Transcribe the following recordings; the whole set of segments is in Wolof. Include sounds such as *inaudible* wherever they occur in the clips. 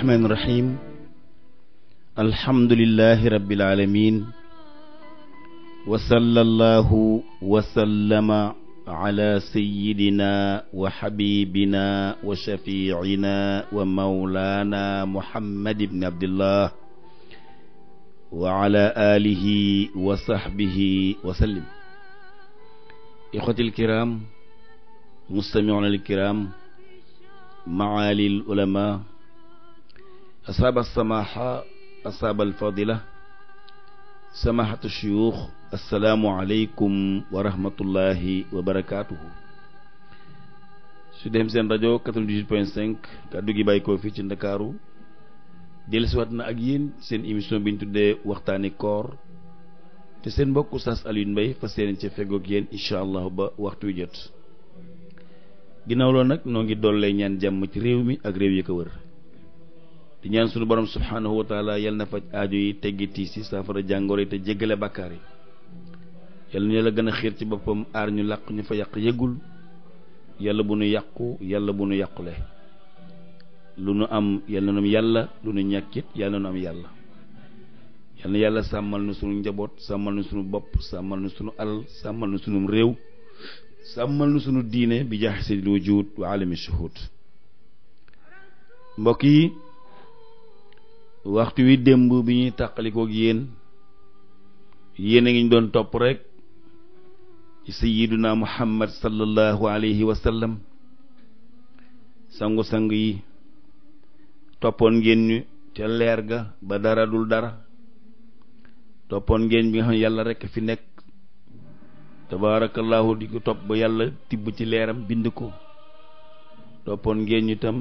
الرحمن الرحيم الحمد لله رب العالمين وصلى الله وسلم على سيدنا وحبيبنا وشفيعنا ومولانا محمد بن عبد الله وعلى آله وصحبه وسلم إخوتي الكرام مستمعون الكرام معالي العلماء asaaba samaha asaaba alfadila samahatu shuyuux assalaamu aleykum wa rahmatullahi wa barakaatuhu su dem seen rajo 98 point 5 kàddu gi bàyyi ko fii ci ndakaaru dellusiwaat na ak yéen seen émission bi ñu tuddee waxtaani koor te seen mbokk Oustaz Alioune Mbaye fas yéene ca feggoog yéen incha allah ba waxtu wi jot ginnaaw loolu nag noo ngi dool dollee ñaan jàmm ci réew mi ak réew yi ko wër di ñaan sunu borom subhaanahu wa taala yal na faj aajo yi teggi si yi saafara yi te jéggale bàkkaar yi yal na ñu la gën a xeer ci boppam aar ñu làq ñu fa yàq yëggul yàlla bu nu yàqu yàlla bu nu yàqule lu nu am yal na nu am yàlla lu nu ñàkkit yal na nu am yàlla yal na yàlla sàmmal nu sunu njaboot sàmmal nu sunu bopp sàmmal nu sunu alal sàmmal nu sunum réew sàmmal nu sunu diine bi jaaxe si wujud wa alami shuhud waxtu wi démb bi ñuy tàqalikoog yéen yéen a ngi ñu doon topp rekk rek sayyiduna muhammad sallallahu alayhi wa sallam sangu yi toppoon ngeen ñu ca leer ga ba dara dul dara toppoon ngeen bi nga xam ne yàlla rek fi nekk tabaarakallahu di ko topp ba yàlla tibb ci leeram bind ko toppoon ngeen ñu tam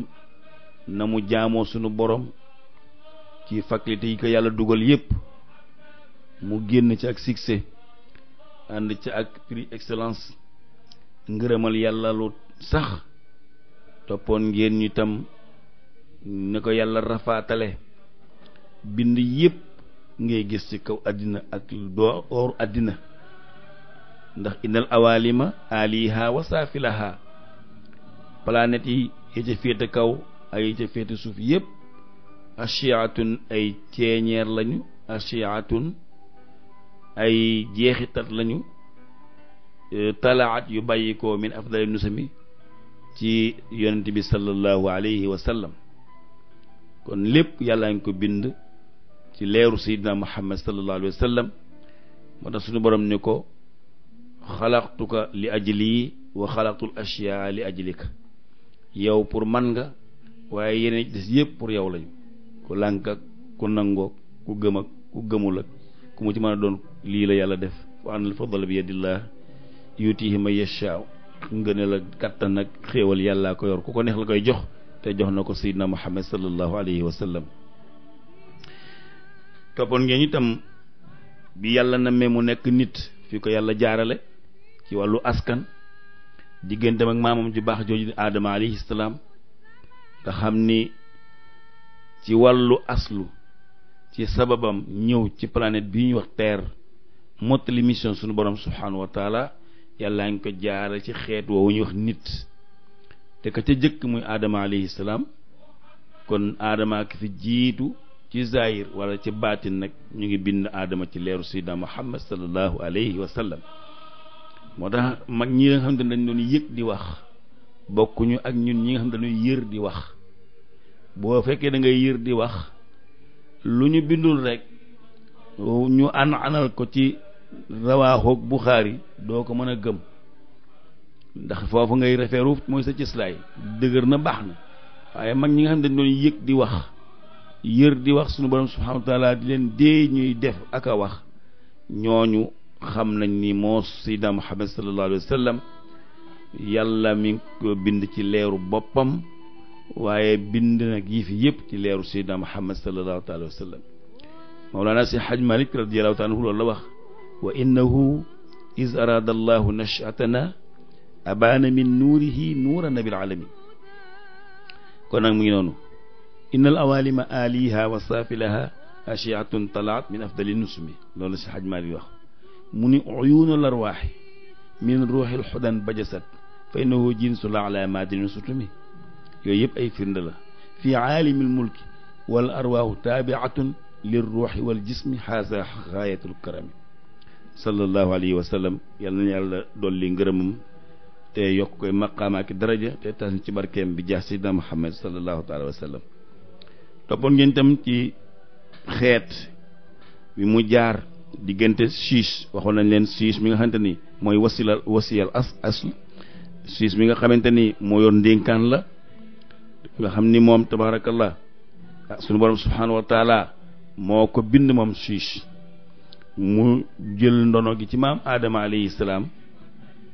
na mu jaamoo sunu boroom ci faculté yi ko yàlla dugal yépp mu génn ci ak succès ànd ci ak prix excellence ngërëmal yàlla lu sax toppoon ngeen ñu tam ne ko yàlla rafaatale bind yépp ngay gis ci kaw àddina ak doo ooru àddina ndax innal awaalima aliha wa saafilaha planètes yi ya ca féete kaw ak ya ca féete suuf yépp ashiatun ay ceeñeer lañu ashiatun ay jeexitat lañu euh, talaat yu bàyyikoo min afdali nusami ci yonent bi sallallahu alayhi wa kon lépp yàlla ngi ko bind ci leeru sayidina muhammad sallallahu alayhi wa sallam moo tax suñu borom ni ko xalaqtuka li ajli wa xalaqtul ashyaa li ajlika yow pour man nga waaye yeneen des yëpp pour yow lañu ku lànk ak ku nangoog ku gëm ak ku gëmul ku mu ci mën a doon lii la yàlla def wa anal fadla bi yadillah yutihi man yashaa ak kàttan ak xéewal yàllaa ko yor ku ko neex la koy jox te jox na ko sayyidina muhammad sallallahu alayhi wa sallam toppoon ngeen itam bi yàlla nammee mu nekk nit fi ko yàlla jaarale ci wàllu askan digganteem ak maamam ju baax jooju aadama alayhi nga xam ni ci wàllu aslu ci sababam ñëw ci planète bi ñuy wax terre mottali mission sunu borom subhanahu wa yàlla ngi ko jaara ci xeet woowu ñuy wax nit te ko ca jëkk muy aadama alayhi salaam kon aadama ki fi jiitu ci zahir wala ci baatin nag ñu ngi bind aadama ci leeru sayyidina muhammad sallallahu alayhi wa sallam moo tax mag ñi nga xam ne dañ doon yëg di wax bokkuñu ak ñun ñi nga xam ne yër di wax boo fekkee dangay yér di wax lu ñu bindul rek ñu ànn anal ko ci rawaaxoog Buxaari doo ko mën a gëm ndax foofu ngay refeeru mooy sa cëslaay dëgër na baax na waaye mag ñi nga xam ne dañ doon yëg di wax yér di wax suñu borom subhaanahu wa di leen dee ñuy def ak a wax ñooñu xam nañ ni moo Sayyidina Muhammad sallallahu alayhi yàlla mi ko bind ci leeru boppam waaye bind nag yii fi yëpp ci leeru seydina muhammad sallallahu taala wa sallam mawlaana si xaj malik radiallahu taala anhu loolu la wax wa innahu is araada allahu nashatana abaana min nuurihi nuura nabil alamin kon nag mu ngi noonu innal awalima aliha wa saafilaha ashiatun talaat min afdali nusumi loolu si xaj malik wax mu ni uyuunal arwaaxi min ruuxil xudan bajasat fa innahu jinsu laala maadin sutumi yooyu yëpp ay firnde la fi aalimi lmulki wal arwaahu taabiatun lirruuxi wal jismi haasa xaayatul karami sallallahu alayhi wa sallam yal nañu yàlla dolli ngërëmam te yokk koy maqaama ak daraja te tas ci barkeem bi jaax sidna Muhammad sallallahu taala wa sallam toppoon ngeen ci xeet bi mu jaar diggante siis waxoon nañ leen siis mi nga xamante ni mooy wasila wasiyal as asl siis mi nga xamante ni moo yor ndénkaan la nga xam ni moom tabaarakallah ah, suñu borom subhaanahu wa taala moo ko bind moom siis mu jël ndono gi ci maam aadama alayhi salaam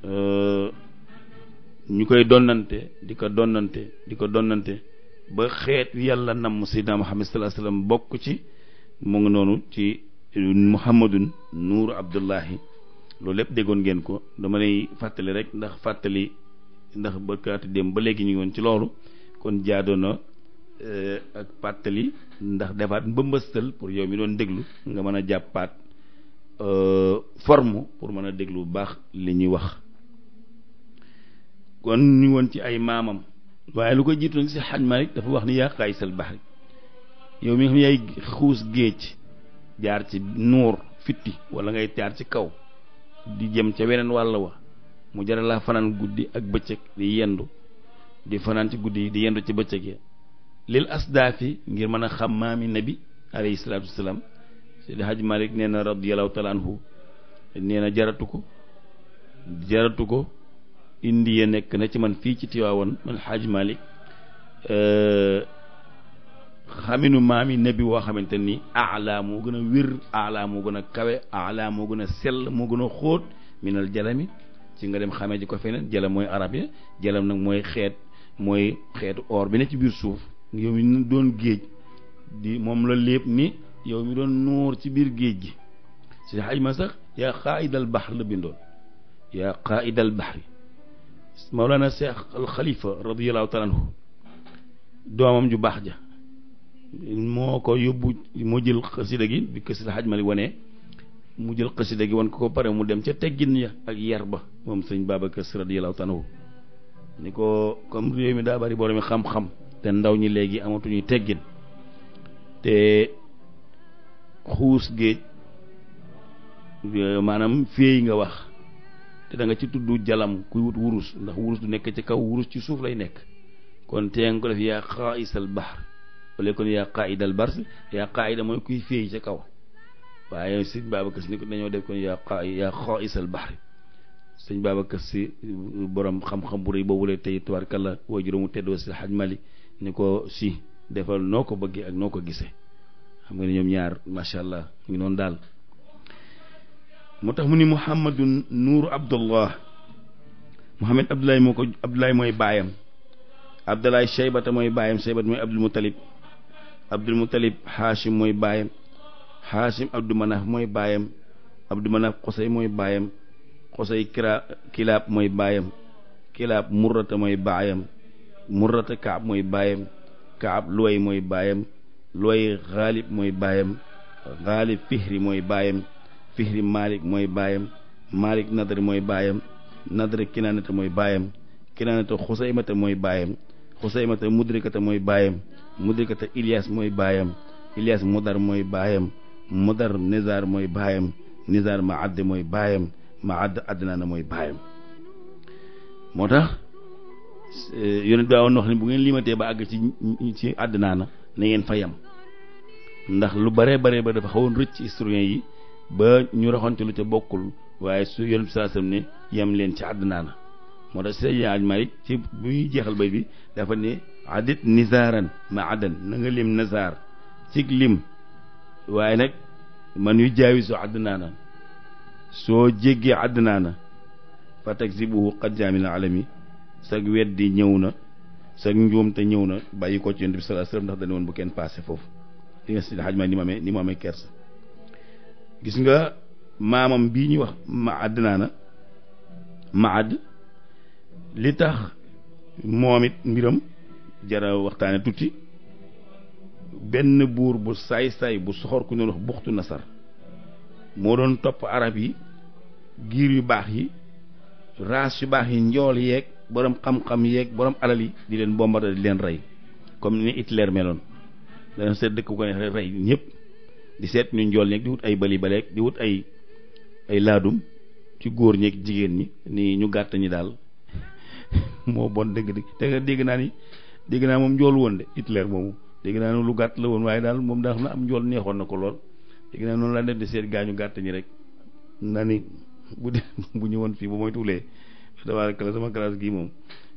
euh, ñu koy donnante di ko donnante di ko donnante ba xeet yàlla namm sayyidina muhammad sallallahu alayhi wasallam bokk ci mu ngi noonu ci muhammadun nuuru abdullahi loolu lépp déggoon ngeen ko dama lay fàttali rek ndax fàttali ndax bëkkaati dem ba léegi ñu ngi woon ci loolu kon jaadoona eh, ak pàttali ndax defaat mbëmbëstal pour yow mi doon déglu nga mën a jàppaat eh, forme pour mën a déglu bu baax li ñuy wax kon ñu woon ci ay maamam waaye lu ko jiitoon si xaj Malik dafa wax ni yaa xaysal baxri yow mi nga xam yaay xuus géej jaar ci nuur fitti wala ngay jaar ci kaw di jëm ca weneen wàll wa mu jaral laa fanaan guddi ak bëccëg di yendu di fanaan ci guddi yi di yendu ci bëccëg ya lil asdaafi ngir mën a xam maami nabi alayhi salaatu wasalaam Seydi Haj Malik nee na radiyallahu taala anhu nee na jaratu ko jaratu ko indi nekk na ci man fii ci Tiwaawoon man Haj Malik xaminu maami nabi woo xamante ni ala moo gën a wér ala moo gën a kawe ala moo gën a sell moo gën a xóot minal jalami ci nga dem xamee ji ko feneen jalam mooy arab ya jalam nag mooy xeet mooy xeetu or bi ne ci biir suuf yow mi doon géej di moom la lépp ni yow mi doon nuur ci biir géej gi si xaj ma sax yaa xaaidal bahr la bindoon yaa xaaidal bahri Mawlana Seex al Xalifa radiyallahu taala anhu doomam ju baax ja moo ko yóbbu mu jël xasida gi bi ko si xaj ma li wane mu jël xasida gi wan ko ko pare mu dem ca teggin ya ak yar ba moom sëñ Babacar Si radiyallahu taala anhu ni ko comme réew mi daa bari boromi xam-xam te ndaw ñi léegi amatuñu teggin te xuus géej euh, maanaam féey nga wax te da ci tudd jalam kuy wut wurus ndax wurus du nekk ci kaw wurus ci suuf lay nekk kon tee nga ko def yaa xaaisal baxar wala kon yaa xaaidal bars yaa xaaida mooy kuy féey ca kaw waaye sëñ Babacar Si ni ko dañoo def kon yaa xaa yaa xaaisal baxar sëñ Babacar si borom xam-xam bu rëy boobu la tey tubaarkalla waa juróomu teddoo si xaj mali ni ko si defal noo ko bëggee ak noo ko gisee xam nga ne ñoom ñaar macha allah ñu noonu daal moo tax mu ni Muhammadun Nuuru Abdullah Muhammad Abdoulaye moo ko Abdoulaye mooy baayam Abdoulaye Cheybata mooy baayam Cheybata mooy Abdul Muttalib Abdul Muttalib Hachim mooy baayam Hachim Abdou Manaf mooy baayam Abdou Manaf Xosey mooy baayam xosay kira kilaab mooy baayam kilaab murrata mooy baayam murrata kaab mooy baayam kaab luway mooy baayam luway xaalib mooy baayam xaalib fihri mooy baayam fihri malik mooy baayam malik nadri mooy baayam nadri kinaanata mooy baayam kinaanata xusaymata mooy baayam xusaymata mudrikata mooy baayam mudrikata ilias mooy baayam ilias mudar mooy baayam mudar nizar mooy baayam nizar maaddi mooy baayam ma àdd àddinaa na mooy baayam moo tax eh, yonent bi awoon wax ni bu ngeen limatee ba àgg ci ci àddinaa na na ngeen fa yem ndax lu bare bare ba dafa xawoon rëcc historiens yi ba ñu raxante lu ca bokkul waaye su yonent bi saasam ne yem leen ci àddinaa na moo tax Seydi Aj Malik ci bu jeexal bay bi dafa ne adit nisaaran ma adan na lim nasaar cig lim waaye nag man yu jaawisu àddinaa na soo jéggee àddinaana fatak zibuhu qad jaamil alami ñëw na sag njuumte ñëw na bàyyi ko ci yonent ndax dañu woon bu kenn paase foofu li nga si xajma ni ma amee ma amee gis nga maamam bii ñuy wax ma àddinaana maad li tax moom it mbiram jara waxtaane tuuti benn buur bu saay-saay bu soxor ku ñu wax buxtu nasar moo doon topp arab yi giir yu baax yi raas yu baax yi njool yeeg borom xam-xam yeeg borom alal yi di leen bombardé di leen rey comme ni Hitler meloon dana seet dëkk ko neex rey ñëpp di seet ñu njool ñeeg di wut ay bali baleeg di wut ay ay laadum ci góor ñeeg jigéen ñi ni ñu gàtt ñi daal *laughs* moo dégg dëgg dëgg dégg naa ni dégg naa moom njool woon de Hitler moomu dégg naa lu gàtt la woon waaye daal moom daa xam ne am njool neexoon na ko lool dégg naa noonu laa def di seet gaañu gàtt ñi bu dee *laughs* bu ñëwoon fii bu mooy tuulee tabaarkalla sama classe gii moom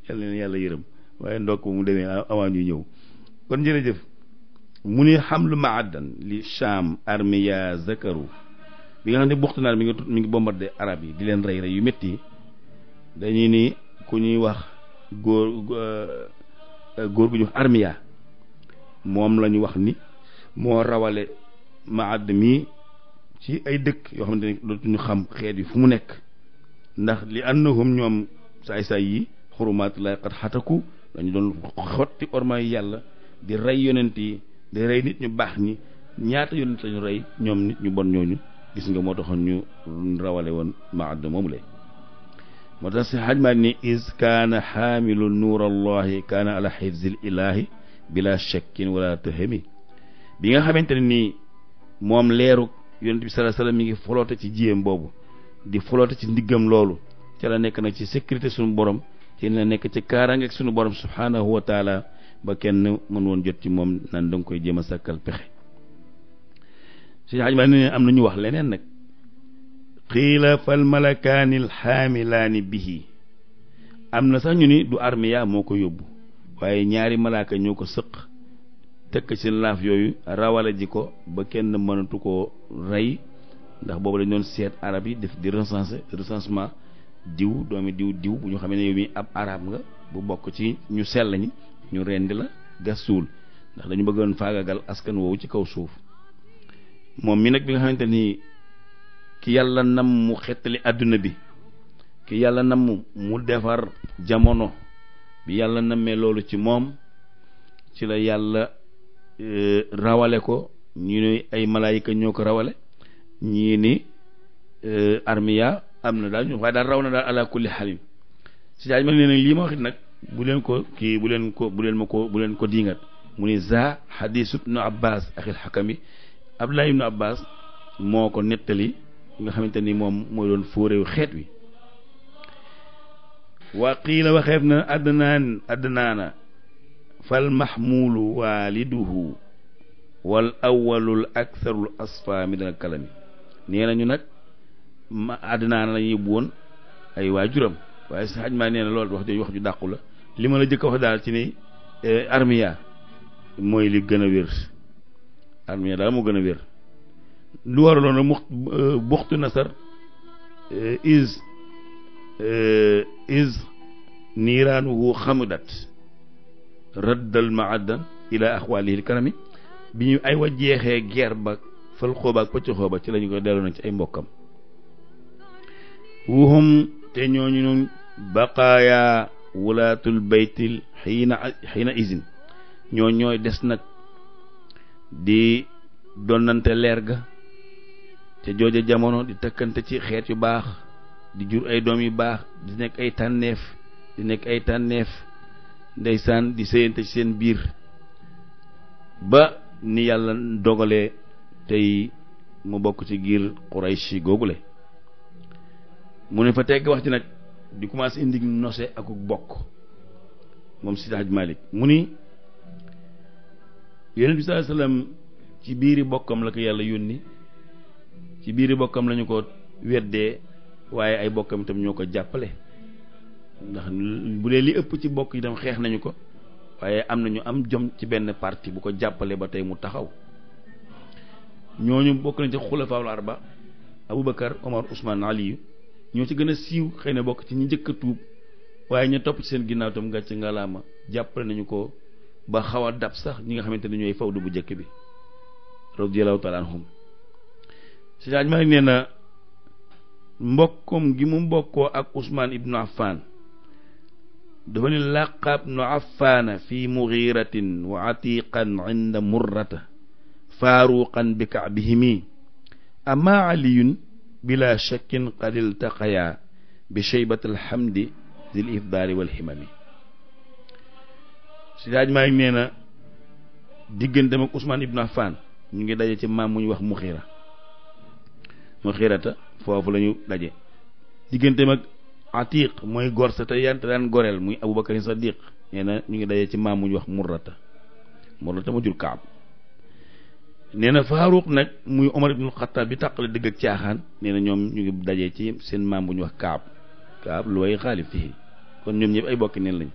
yàlla leen yàlla yërëm waaye ndokk mu demee avant ñuy ñëw kon jërëjëf mu ni xam xamlu maadan li Cham armiya zakaru bi nga xam ne buxtanaar mi ngi mi ngi bombardé arab yi di leen rey rey yu métti dañuy ni ku ñuy wax góor euh, euh, góor gu ñu armiya moom la ñu wax ni moo rawale maad mii ci ay dëkk yoo xamante ne ñu xam xeet yi fu mu nekk ndax li annahum ñoom saay-saay yi xurumaatullahi qad xataku dañu doon xotti orma yàlla di rey yonent yi di rey nit ñu baax ñi ñaata yonent lañu rey ñoom nit ñu bon ñooñu gis nga moo taxoon ñu rawale woon ma moomu lay moo tax si xajmaat ni is kaana xaamilu nuur kaana ala xifzil ilaahi bila shakkin wala moom leeruk yonent bi sallallahu alayhi mi ngi foloote ci jiyam boobu di foloote ci ndiggam loolu ca la nekk nag ci sécurité suñu borom ci la nekk ci kaaraange ak suñu borom subhaanahu wa ba kenn mën woon jot ci moom nan da koy jéem a sàkkal pexe suñu xaj ne am na ñu wax leneen nag qiila fal malakaani alxaamilaani bihi am na sax ñu ni du armiya moo ko yóbbu waaye ñaari malaaka ñoo ko sëq tëkk ci laaf yooyu rawale ji ko ba kenn mënatu koo rey ndax boobu lañ doon seet arab yi def di recenser recensement diw doomi diw diw bu ñu xamee ne yow ab arab nga bu bokk ci ñu sell ñi ñu rendi la gas suul ndax dañu bëggoon faagagal askan woowu ci kaw suuf moom mi nag bi nga xamante ni ki yàlla nam mu xettali àdduna bi ki yàlla nam mu defar jamono bi yàlla nammee loolu ci moom ci la yàlla Euh, rawale ko ñu ne ay malaayika ñoo ko rawale ñii ni euh, armiya am na daal ñu waaye daal raw na daal ala kulli xalim si daal ma ne lii ma waxit nag bu leen ko kii bu leen ko bu leen ma ko bu leen ko diingat mu ni za xadiis ibnu abbas axil xakami abdulaay ibnu abbas moo ko nettali nga xamante ni moom mooy doon fóoréewu xeet wi wa waxeef na adnaan adnaana fal mahmuulu waaliduhu wal awwalul aktharul asfa min dana kalami nee nañu nag ma àddinaan lañu yóbbu woon ay waajuram waaye si xaj maa nee na loolu wax jooju wax ju dàqu la li ma la jëkk wax daal ci ni eh, armiya mooy li gën a wér armiya daal moo gën a wér lu waraloon nag mu eh, buxtu nasar eh, is is niiraanuhu xamudat rëddal maadan ila axwaalihi karami bi ñu ay wa jeexee geer ba fal xooba pëcc xooba ci lañu ko delloo nañ ci ay mbokkam wuhum te ñooñu noonu baqaaya wulaatul baytil xiina xiina isin ñoo ñooy des nag di donnante leer ga te jooja jamono di takkante ci xeet yu baax di jur ay doom yu baax di nekk ay tànneef di nekk ay tànneef ndeysaan di séyante ci seen biir ba ni yàlla dogalee tey mu bokk ci giir Quraysh googule mu ne fa tegg wax ci nag di commencé indi nose ak bokk moom Seydi Hajji Malick mu ni yonent bi sallallahu alayhi ci biiri bokkam la yàlla yónni ci biiri bokkam lañu ko weddee waaye ay bokkam itam ñoo ko jàppale ndax bu dee li ëpp ci bokk yi dem xeex nañu ko waaye am na ñu am jom ci benn parti bu ko jàppale ba tey mu taxaw ñooñu bokk nañ ci xulafaawul arba Aboubacar Omar Ousmane Ali ñoo ci gën a siiw xëy na bokk ci ñu njëkk a tuub waaye ñu topp ci seen ginnaaw tam gàcce ngalaama jàppale nañu ko ba xaw a dab sax ñi nga xamante ne ñooy fawdu bu njëkk bi radiyallahu taala anhum si daaj ma nee na mbokkom gi mu mbokkoo ak Ousmane Ibn Affan dafa ni laqab nu affaana fi mughiratin wa atiqan inda murrata bi kaabihimi ama aliyun bila shakkin qad iltaqaya bi sheybat alhamdi zil ifdaari walhimami si daaj maa ngi nee na digganteem ak Ousmane Ibn ñu ngi daje ci maam mu ñu wax Muxiira Muxiirata foofu la daje atiq mooy gor sa te yan te daan goreel muy abubakar sadiq nee na ñu ngi dajee ci maam mu ñu wax murrata murrata ma jur kaab nee na nag muy omar ibnul xataab bi tàqale digg ak caaxaan nee na ñoom ñu ngi dajee ci seen maam bu ñu wax kaab kaab lu way xaalif fii kon ñoom ñëpp ay bokki neen lañ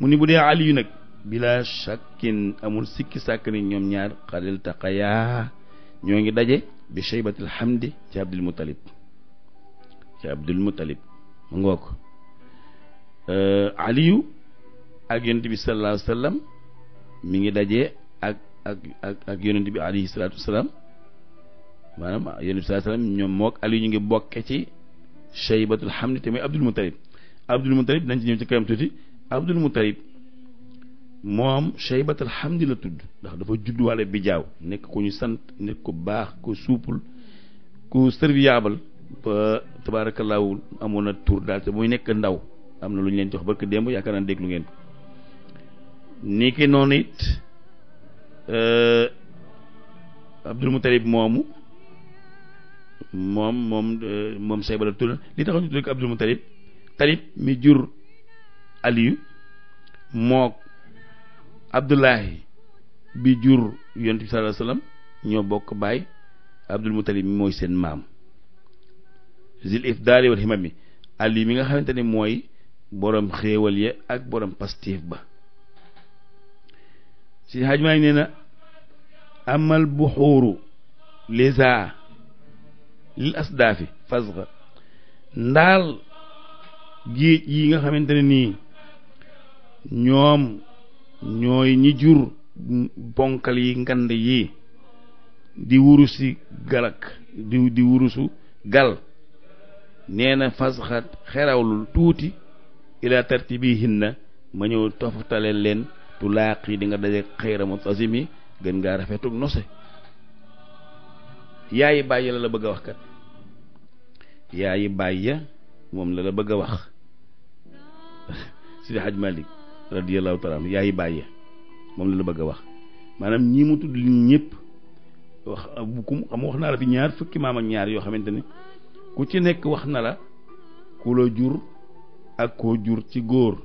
mu ni bu dee ali yu nag bila shakkin amul sikki sàkk ni ñoom ñaar xalil taqayaa ñoo ngi daje bi shaybatil hamdi ci abdul muttalib ci abdul muttalib mu ngoog euh, aliyu ak yonent bi sallallahu alayhi wa mu ngi dajee ak ak ak ak yonent bi alayhi salaatu wasalaam maanaam yonent bi sallallahu alayhi wa sallam ñoom mook aliyu ñu ngi bokke ci shaybatul hamdi te mooy abdul muttalib abdul muttalib nañ ci ñëw ci kanam tuuti abdul muttalib moom shaybatul hamdi la tudd ndax dafa judduwaale bi jaaw nekk ku ñu sant nekk ku baax ku suupul ku serviable ba amoon a tur daal te muy nekk ndaw am na lu ñu leen jox barke démb yaakaar naa déglu ngeen ko ni ki noonu it euh, Abdul Mutalib moomu moom moom euh, moom Seybala li tax ñu tudd ko Abdul Mutalib Talib mi jur Aliyu mook Abdullahi bi jur yonent bi sallallahu alayhi ñoo bokk baay Abdul Mutalib mi mooy seen maam zil ifdaali wal himami ali mi nga xamante ni mooy borom xéewal ya ak borom pastif ba si xaaj maa ngi nee na amal buxuuru lisa lil asdaafi fasga ndaal géej yi nga xamante ne nii ñoom ñooy ñi jur bonkal yi ngand yi di wurusi galak di di wurusu gal nee na fasxa xerawlul tuuti ila tartibihinna ma ñëw toftale leen tulaaqi di nga daje xayra mutasimi gën ngaa rafetug nose yaayi bàyyi la la bëgg a wax kat yaayi bàyya moom la la bëgg a wax Sidi Hadj Malick radiyallahu taala anhu yaayi bàyya moom la la bëgg a wax maanaam ñi mu tudd li ñëpp wax ku xam wax naa la fi ñaar fukki maam ñaar yoo xamante ne ku ci nekk wax na la ku la jur ak koo jur ci góor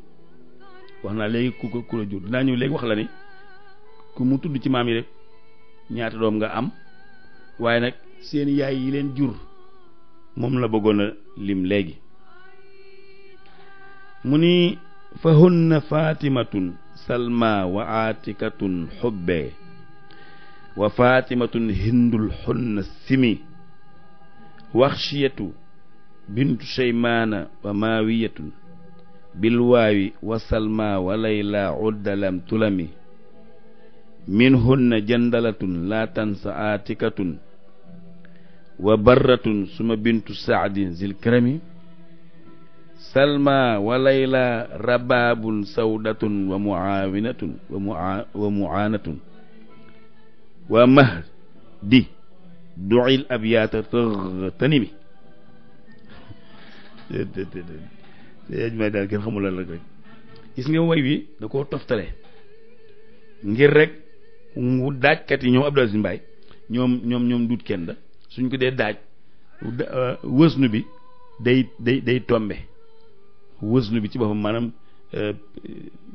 wax na léegi ku ko ku la jur dinaa ñëw léegi wax la ni ku mu tudd ci maam yi rek ñaata doom nga am waaye nag seen yaay yi leen jur moom la bëggoon lim léegi mu ni fa hunna fatimatun salma wa aatikatun xubbe wa fatimatun hindul xunna simi waxshiyatu bintu seymaana wa maawiyatun bilwaawi wa salma wa layla uddalam tulami minhunna jandalatun laa tansa aatikatun wa barratun suma bintu saadin zilkarami salma wa layla rabaabun sawdatun wa muaawinatun wa muaanatun wa mahdi duil abyaata tëni bi may daal kenn xamul lan la rek gis nga way wi da koo toftale ngir rek mu daajkat yi ñoom Abdou Aziz Mbaye ñoom ñoom ñoom duut kenn da suñ ko dee daaj euh, wësnu bi day day day tombe wësnu bi ci boppam maanaam euh,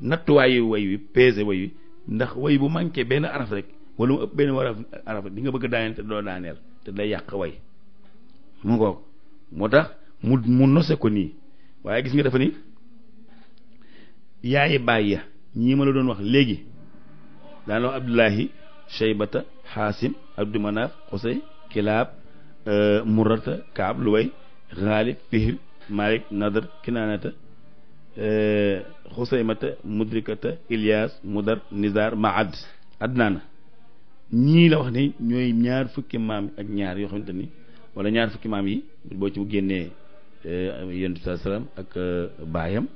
nattuwaayu way wi peese way wi ndax way bu manqué benn araf rek wala mu ëpp benn war araf di nga bëgg daaneel te doo daaneel te day yàq way mu ngoog moo tax mu mu nose ko nii waaye gis nga dafa ni yaayi baay ya ñii ma la doon wax léegi daana wax abdullahi shaybata xaasim abdu manaaf xusay kilaab euh, murata kaab luway xaalib fihr malik nadar kinaanata euh, xusaymata mudrikata ilias mudar nizar maad adnaana ñii la wax ni ñooy ñaar fukki maam ak ñaar yoo xamante ni wala ñaar fukki maam yi boo ci génnee eh, yonent bi salaam ak eh, baayam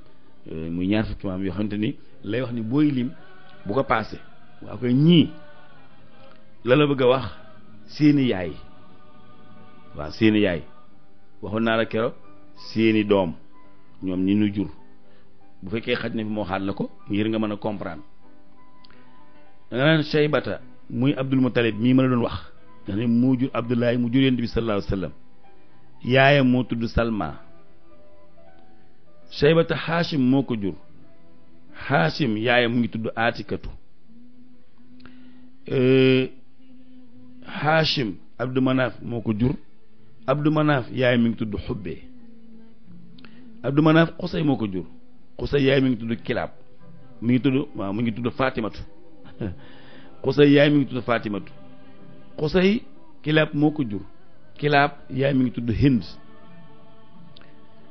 eh, muy ñaar fukki maam yoo xamante ni lay wax ni booy lim bu ko paase. waa koy ñii la la bëgg a wax seeni yaay waaw seeni yaay waxoon naa la keroog seeni doom ñoom ñi nu jur bu fekkee xaj na fi moo xaat la ko ngir nga mën a comprendre da nga naan shaybata muy Abdul Muttalib mii ma la doon wax nga xam ne moo jur Abdullahi mu jur Yonent bi sallallahu alayhi yaayam moo tudd Salma Shaybata Haashim moo ko jur Haashim yaayam mu ngi tudd Aatikatu euh, Haashim Abdu Manaaf moo ko jur Abdu Manaaf yaayam mi ngi tudd Xubbe Abdu Manaaf Xusay moo ko jur Xusay yaayam mi ngi tudd Kilaab mu ngi tudd waaw mi ngi tudd Faatimatu *laughs* xusay yaay mi ngi tudd Fatimatu xusay kilaab moo ko jur kilaab yaay mi ngi tudd Hind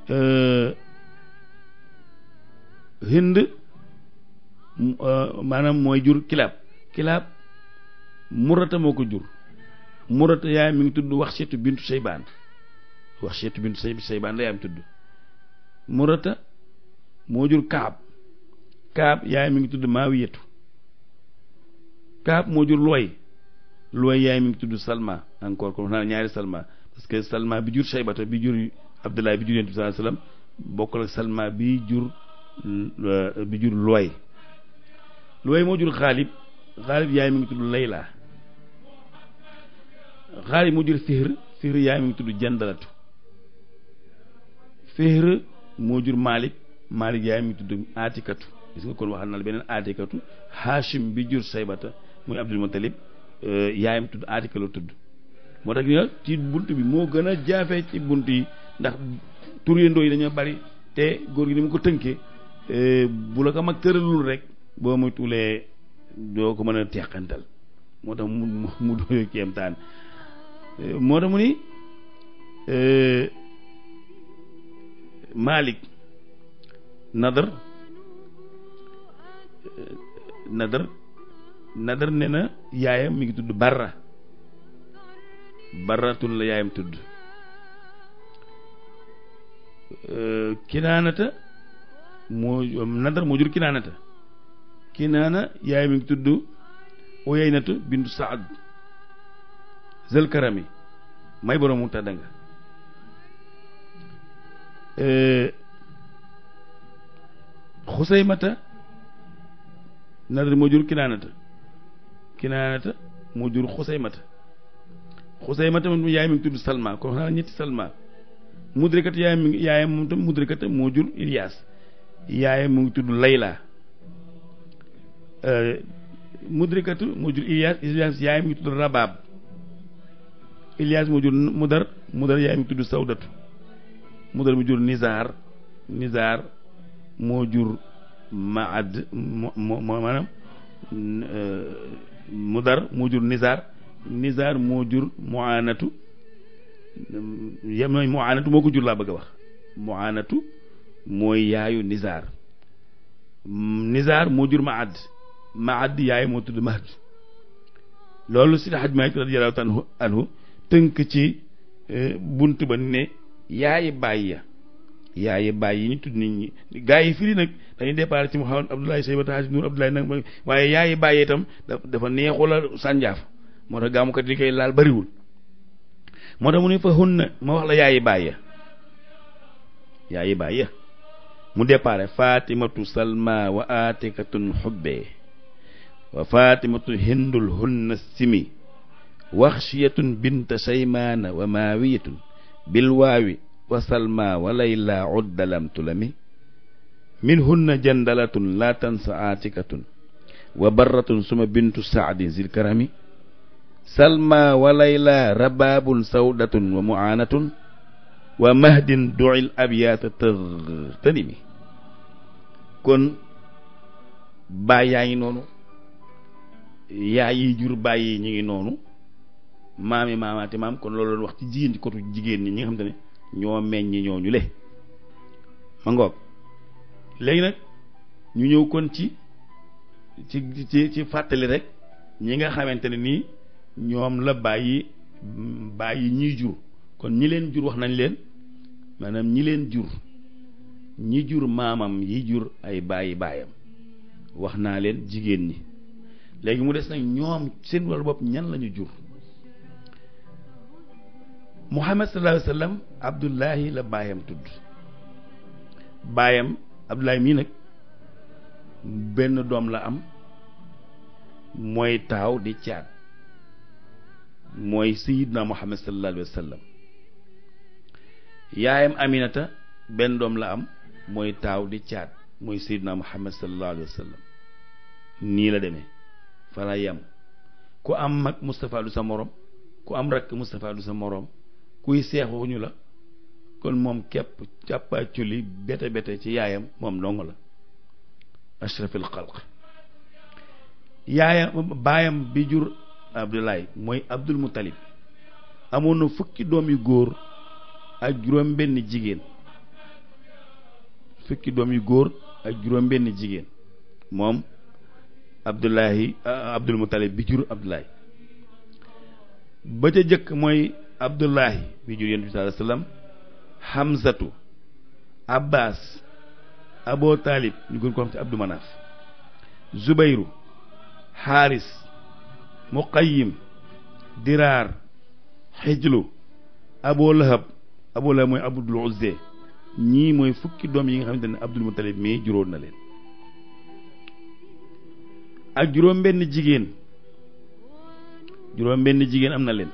euh, Hind euh, maanaam mooy jur kilaab kilaab murata moo ko jur murata yaay mi ngi tudd Waxshetu bintu Seybaan Waxshetu bintu Sey Seybaan la yaayam tudd murata moo jur Kaab Kaab yaay mi ngi tudd Maawiyatu Kaab moo jur Luway Luway yaay mi Salma que Salma bi jur Shaybata bi jur Abdullah bi jur Yonent bi sallallahu alayhi Salma bi jur Luway euh, Luway moo jur Xaalib Xaalib yaay mi ngi tudd Layla Xaalib moo jur Sihr Sihr yaay mi Jandalatu Sihr moo jur Malik Malik yaay mi Atikatu gis nga kon waxal na la beneen Atikatu Hashim bi jur Shaybata muy Abdul Muttalib euh, yaayam tudd Aatika la tudd moo tax ñu ci bunt bi moo gën a jaafee ci bunt yi ndax tur yi dañoo bari te góor gi ni mu ko tënkee euh, bu la ko mag tëralul rek boo muy tulee doo ko mën a teqantal moo tax mu mu doyo kéemtaan euh, moo ni Malik Nadar Nadar nadar ne yaayam mi ngi tudd barra barratun la yaayam tudd euh, kinaanata moo nadar moo jur kinaanata kinaana yaayam mi ngi tudd uyaynatu bintu saad zelkarami may borom mu tàdda nga euh, xusaymata nadar moo jur kinaanata kinaanata moo jur xusaymata xusaymata moom yaay mi ngi tudd salma ko xanaa ñetti salma mudrikat yaay moom tam mudrikat moo jur Ilias yaayam mu tudd layla euh, mudrikatu moo jur Ilias Ilias yaayam mu tudd rabaab Ilias moo jur mudar mudar yaayam mu tudd sawdatu mudar mu jur nizaar nizaar moo jur maad moo maanaam euh, mudar moo jur nizaar nizaar moo jur muanatu yam mooy muanatu moo ko jur laa bëgg a wax muanatu mooy yaayu nizaar nizaar moo jur ma maad yaayu moo tudd maad loolu si haj Maalik radiyallahu anhu tënk ci eh, bunt ba ne yaayi baay ya yaaye bàyyi yi ñu tudd nit ñi gaa yi firi nag dañuy départ ci Mouhamed Abdoulaye Saybata Haji Nour Abdoulaye waaye yaaye bàyyi itam dafa neexul sànjaaf moo tax gàmmukat yi koy laal bariwul moo tax mu ne fa hunna ma wax la yaaye bàyyi yaaye bàyyi mu départ fatimatu salma wa atikatun xubbe wa fatimatu hindul hunna simi waxshiyatun binta saymaana wa maawiyatun bil waawi wa salma wa layla uddalam tulami min hunna jandalatun la tansa atikatun wa barratun suma bintu saadin zil karami salma wa layla rababun sawdatun wa muanatun wa mahdin duil abyaata tëgtanimi kon baay yaa ngi noonu yaa yi jur baay yi ñu ngi noonu maami maamaati maam kon loolu doon wax ci jigéen ci kotu jigéen ñi ñi nga xam te ne ñoo meññi ñooñu le ma ngoog léegi nag ñu ñëw kon ci ci ci fàttali rek ñi nga xamante ne nii ñoom la bàyyi bàyyi ñuy jur kon ñi leen jur wax nañ leen maanaam ñi leen jur ñi jur maamam yi jur ay bàyyi baayam wax naa leen jigéen ñi léegi mu des nag ñoom seen wàllu bopp ñan lañu jur muhammad sallallahu alayhi wa sallam abdullahi la baayam tudd baayam abdullahi mii nag benn doom la am mooy taaw di caat mooy sayidna muhammad sallallahu alayhi yaayam aminata benn doom la am mooy taaw di caat mooy sayidna muhammad sallallahu alayhi nii la deme fala yam ku am mag Moustapha du sa morom ku am rakk Moustapha du sa morom kuy ñu la kon moom képp càppaaculi bete bete ci yaayam moom dong la ashrafil xalq yaayam baayam bi jur abdoulaye mooy abdul muttalib amoon na fukki doom yu góor ak juróom benn jigéen fukki doom yu góor ak juróom benn jigéen moom abdoulahi abdul muttalib bi jur abdoulaye ba ca jëkk mooy abdullahi mi jur yonent bi sallallahu alayhi wasallam ñu gën ko xam ci abdou manaaf zubayru xaaris muqayyim diraar xijlu abo lahab mooy abdul uzze ñii mooy fukki doom yi nga xamante ne abdul muttalib mii juróon na leen ak juróom benn jigéen juróom benn jigéen am na leen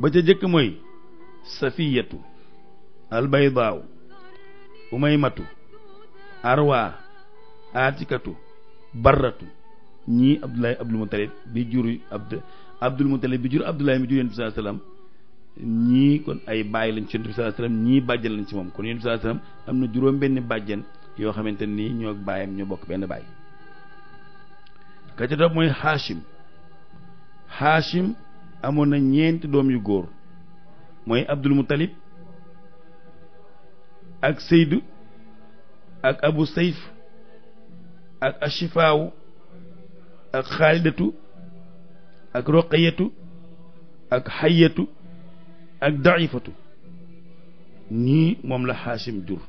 ba ca jëkk mooy safiyatu albaydaaw umaymatu arwa atikatu barratu ñii abdullahi abdul mutalib bi juru abd abdul mutalib bi juru abdullahi bi jur yonent bi sallallahu alayhi wasallam ñii kon ay bàyyi lañ ci yonent bi sallallahu alayhi wasallam ñii bàjjen lañ ci moom kon yonent bi sallallahu alayhi wasallam am na juróom benn bàjjen yoo xamante nii ñoo bàyyam ñoo bokk benn bàyyi ka ca topp mooy haashim haashim amoon na ñeenti doom yu góor mooy Abdul Muttalib ak Seydu ak Abu Sayf ak Ashifaawu ak Xaalidatu ak Roqayatu ak Xayatu ak Daifatu nii moom la Xaasim jur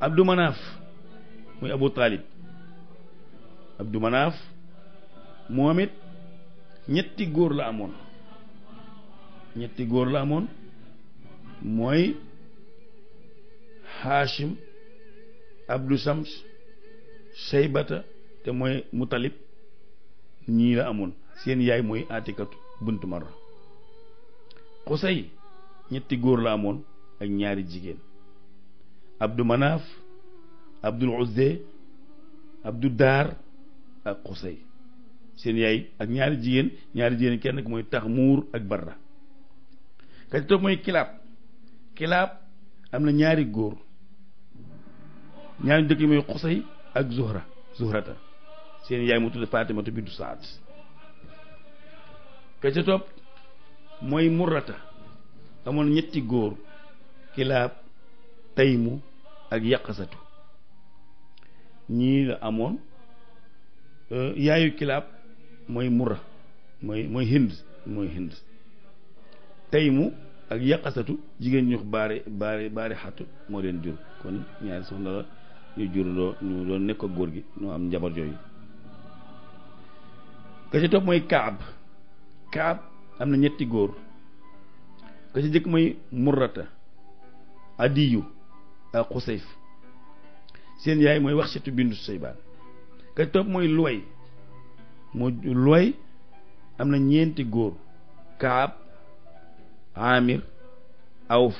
Abdou Manaaf muy Abu Taalib Abdou Manaaf moom ñetti góor la amoon ñetti góor la amoon mooy Haashim Abdu Sams Saybata te mooy Mutalib ñii la amoon seen yaay mooy Atikatu bunt Marra Xusay ñetti góor la amoon ak ñaari jigéen Abdu Manaaf Abdul Uzze Abdu Daar ak Xusay seen yaay ak ñaari jigéen ñaari jigéen kenn ki mooy tax muur ak barra ka mooy kilaab kilaab am na ñaari góor ñaari dëkk yi mooy xusay ak zuhra zuhrata seen yaay mu tudd fatimata bintu saad ka ca topp mooy murrata amoon ñetti góor kilaab taymu ak yàqasatu ñii la amoon euh, yaayu kilaab mooy murra mooy mooy hind mooy hind tey mu ak yàqasatu jigéen ñu baari baari baari xatu moo leen jur kon ñaari soxna la ñu jurandoo ñu doon nekk ak góor gi ñoo am njaboot yooyu ka ci topp mooy kaab kaab am na ñetti góor ka ci jëkk mooy murrata adiyu ak xusayf seen yaay mooy waxsatu bindu saybaan ka ci topp mooy luway mu looy am na ñeenti góor kaab amir awf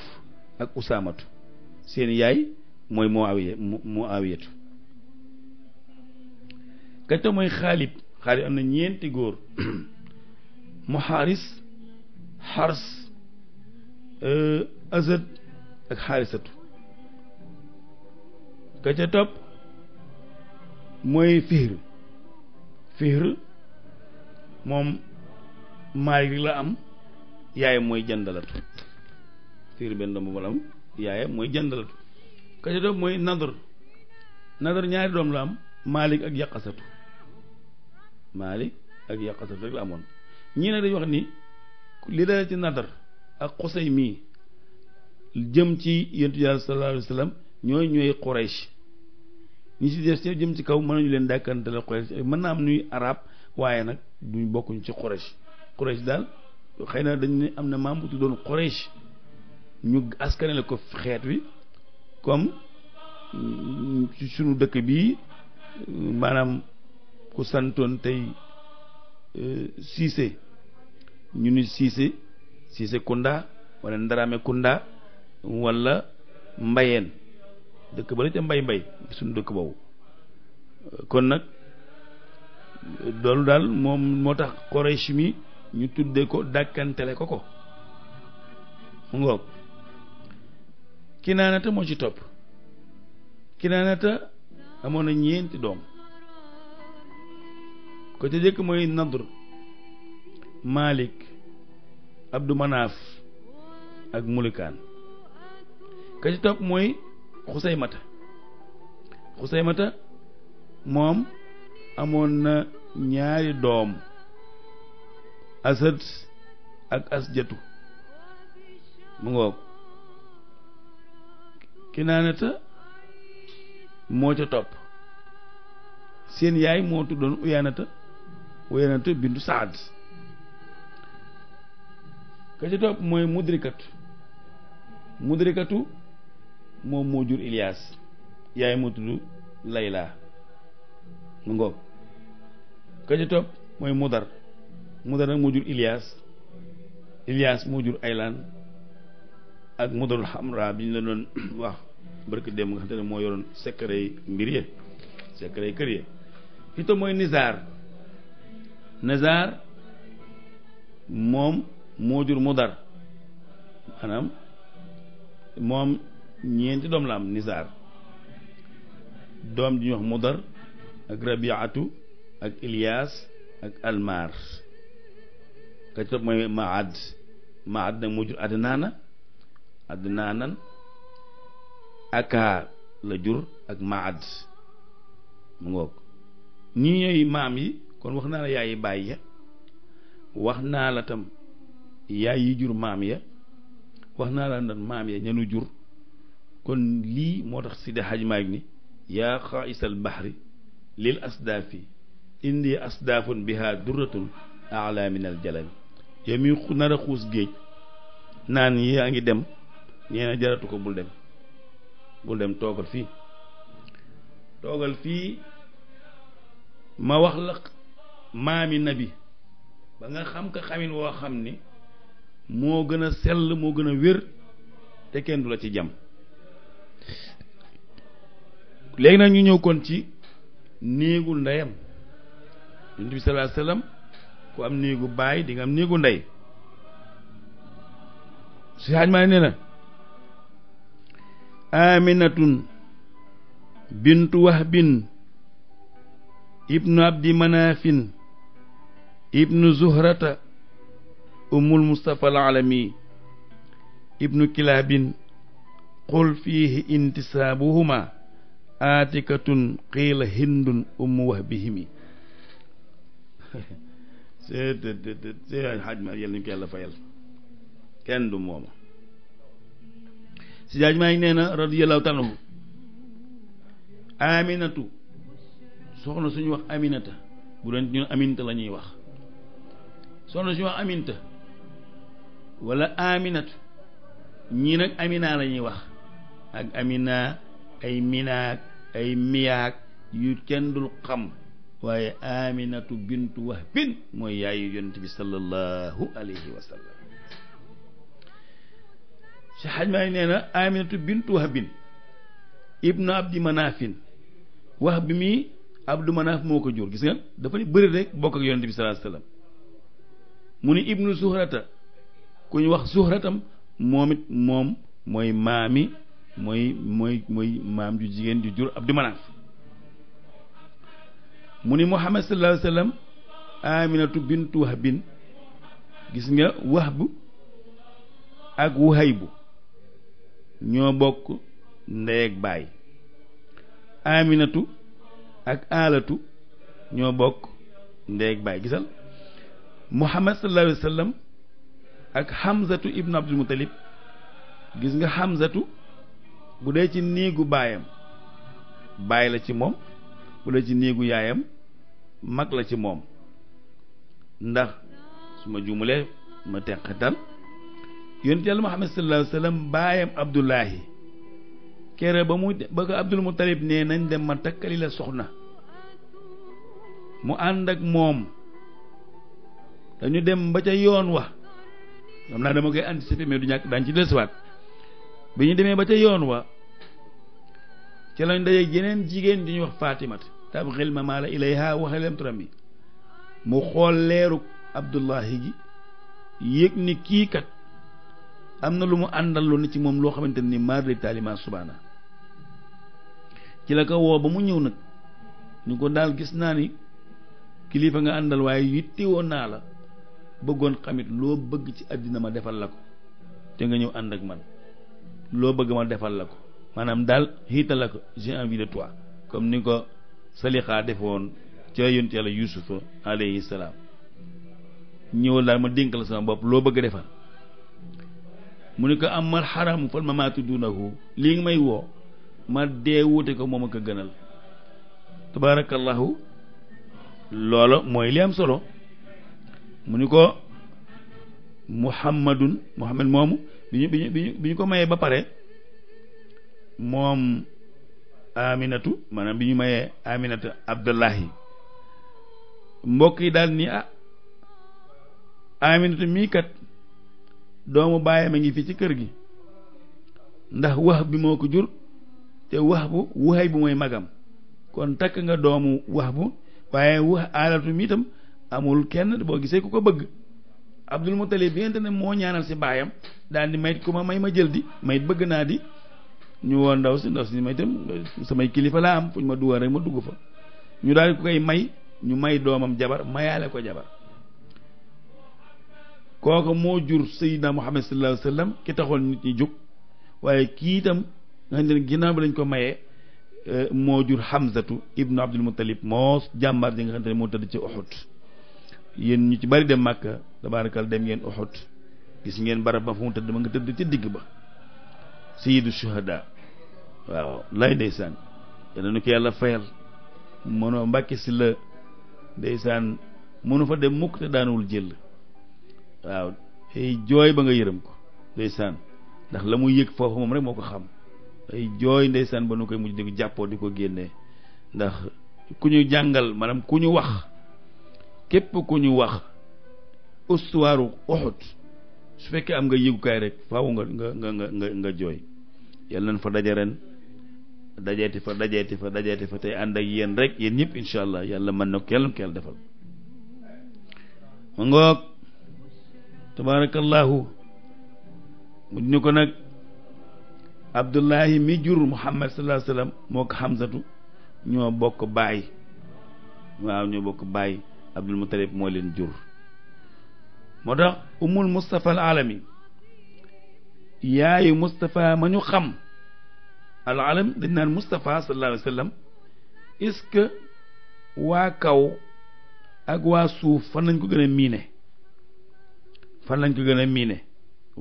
ak usaamatu seen yaay mooy muawiya muawiyatu kacta mooy xaalib xaalib am na ñeenti góor *clears throat* muxaaris xars euh, azad ak xaarisatu ka ca topp mooy fihr fihr moom maalik la am yaayam mooy jëndalatu fihr benn doom la am yaayam mooy jëndalatu ka mooy nadr nadr ñaari doom la am maalik ak yaqasatu maalik ak yaqasatu rek la amoon ñii nag dañuy wax ni li dale ci nadr ak xusay mii jëm ci yentu yàlla sallallahu alayhi wa sallam ñooy ñi si des jëm ci kaw mën nañu leen dàkkante la Quraysh mën naa am nuy arab waaye nag bokkuñ ci Quraysh Quraysh daal xëy na dañ ne am na maam bu tuddoon Quraysh ñu askanale ko xeet wi comme mm, ci sunu dëkk bii maanaam ku santoon tey euh, Cissé ñu ni Cissé Cissé Kounda walla Ndarame Kounda wala Mbayeen dëkk ba la ca mbay mbay suñu dëkk boobu kon nag doolu daal moom moo tax Quraysh mi ñu tudde ko dàkkantele ko ko mu ngoog Kinaanata moo ci topp Kinaanata amoon na ñeenti doom ko ca jëkk mooy Nadr Malik Abdu Manaaf ak Mulikaan ka ci topp mooy xusaymata xusaymata moom amoon na ñaari doom asad ak asjatu mu ngoog kinaanata moo ca topp seen yaay moo tuddoon uyaanata uyaanata bintu saad ka ca topp mooy mudrikatu mudrikatu moom moo jur Ilias yaay moo tudd Layla mu ngoog ka ca topp mooy Mudar Mudar nag moo jur Ilias Ilias moo jur Aylaan ak Mudarul Hamra bi ñu la doon *clears throat* wax barke dem nga xam te ne moo yoroon secret mbir ya secret kër ya ki mooy Nizar Nizar moom moo jur Mudar maanaam moom ñeenti doom la am nisaar doom ji ñuy wax mudar ak rabiatu ak Ilias ak almar ka ci topp mooy maad maad nag moo jur adnaana adnaanan akaa la jur ak maad mu ngoog ñii ñooy maam yi kon wax naa la yaay yi baay ya wax naa la tam yaay yi jur maam ya wax naa la ndan maam ya ñanu jur kon lii moo tax Sidi Hadj Malick ni yaa xaisal bahri lil asdaafi indi asdaafun biha durratun ala min al jalami yow mi nar a xuus géej naan yi yaa ngi dem nee jaratu ko bul dem bul dem toogal fii toogal fii ma wax la maami bi ba nga xam ka xamin woo xam ni moo gën a sell moo gën a wér te kenn du la ci jam léegi nag ñu ñëw kon ci néegul ndeyam yonent bi sallallahu alayhi ku am néegu baay di am néegu ndey si xaajmaa ne na aminatun bintu wahbin ibnu abdi manafin ibnu zuhrata umul mustafa alalami ibnu kilaabin qul fiihi intisaabuhuma aatikatun qiila hindun ummu wahbihimi xaaj ma yal kenn du mooma si jaaj maa ngi nee na radiyallahu taala anhu aminatu soxna suñu wax aminata bu doon ñun aminta la ñuy wax soxna suñu wax aminta wala aminatu ñii nag amina la ñuy wax ak amina ay minaak ay miyaag yu kenn dul xam waaye aminatu bintu wahbin mooy yaayu yonent bi sallallahu alayhi wa sallam si xaj maa nee na aminatu bintu wahbin ibnu abdi manaafin wax bi mi abdu manaaf moo ko jur gis nga dafa ni bëri rek bokk ak yonent bi sallallahu alayhi wa sallam mu ni ibnu zuhrata ku wax zuhratam moom it moom mooy maami mooy mooy mooy maam ju jigéen ju jur Abdu Manaaf mu ni Muhammad sallallahu alayhi wa sallam Aminatu bintu Wahbin gis nga Wahb ak Wuhayb ñoo bokk ndey ak baay Aminatu ak Alatu ñoo bokk ndey ak baay gisal Muhammad sallallahu alayhi ak Hamzatu ibnu Abdul Muttalib gis nga Hamzatu bu dee ci niigu baayam bàyyi la ci moom bu dee ci niigu yaayam mag la ci moom ndax su ma juumulee ma teqatal yonent yàlla Muhammad sallallahu alayhi wa sallam baayam Abdullahi kere ba mu ba ko Abdul Muttalib nee nañ dem ma takkali la soxna mu ànd ak moom dañu dem ba ca yoon wa xam naa dama koy anticiper mais du ñàkk daañu ci dellusiwaat. bi ñu demee ba te yoon wa ci lañ dajeeg yeneen jigéen di ñuy wax Faatimat tabxil ma maala ilayha waxelem turam yi mu xool leeruk Abdullahi gi yëg ni kii kat am na lu mu àndal lu ne ci moom loo xamante ni mardi taalima subaana ci la ko woo ba mu ñëw nag ñu ko daal gis naa ni kilifa nga àndal waaye yittewoo naa la bëggoon xamit loo bëgg ci àddina ma defal la ko te nga ñëw ànd ak man loo bëgg ma defal la ko maanaam daal xiital la ko j'ai envie toit comme ni ko salixaa defe woon ca yonent yàlla Yuusuf alayhi salaam ñëwal daal ma dénkal sama bopp loo bëgg defal mu ne ko amal xaramu fal ma maatu dunahu lii nga may woo ma dee wuute ko moom a gënal tabaarakallahu loolu mooy li am solo mu ni ko muhammadun muhammad moomu bi ñu bi ñu bi ñu bi ñu ko mayee ba pare moom aminatu maanaam bi ñu mayee aminatu abdullahi mbokk yi daal ni ah aminatu mii kat doomu baayam a ngi fii ci kër gi ndax wax bi moo ko jur te wax bu waxay bu mooy magam kon takk nga doomu wax bu waaye wax aalatu mi itam amul kenn boo gisee ku ko bëgg Abdul Muttalib bi ngeen ne moo ñaanal si baayam daal di mayit ku ma may ma jël di mayit bëgg naa di ñu woo ndaw si ndaw si may itam samay kilifa laa am fu ñu ma dugal rek ma dugg fa ñu daal di koy may ñu may doomam jabar mayaale ko jabar kooko moo jur Seydina Muhammad sallallahu alayhi wa sallam ki taxoon nit ñi jóg waaye kii itam nga xam ne ginnaaw bi lañ ko mayee eh, moo jur Hamzatu ibnu Abdul Muttalib moo jàmbaar ji nga xam ne moo tëdd ci Uhud yéen ñu ci bari dem màkka tabaarakal dem ngeen Uhud gis ngeen barab ba fu mu tëdd ma nga tëdd ca digg ba sayyidu shuhada waaw lay ndeysaan yal na ko yàlla fayal mënoo mbàkki si la ndeysaan mënu fa dem mukk te daanuwul jël waaw ay jooy ba nga yërëm ko ndeysaan ndax la muy yëg foofu moom rek moo ko xam ay jooy ndeysaan ba nu koy mujj di jàppoo di ko génnee ndax ku ñu jàngal maanaam ku ñu wax képp ku ñu wax ustuwaaru Uhud su fekkee am nga yëgukaay rek faw nga nga nga nga nga jooy yàlla nañ fa daje ren dajeeti fa dajeeti fa dajeeti fa tey ànd ak yéen rek yéen ñëpp incha allah yàlla mën na ko yàlla ko yàlla defal ma ngoog tabaarakallaahu mu ñu ko nag abdullahi mi jur muhammad sallallahu alayhi moo ko xamsatu ñoo bokk baay waaw ñoo bokk baay Abdul Muttalib mooy leen jur moo tax umul Mustafa al yaayu Mustafa ma ñu xam al alam dañ naan Mustafa sallallahu alayhi wa que waa kaw ak waa suuf fan lañ ko gën miine fan lañ ko gën a miine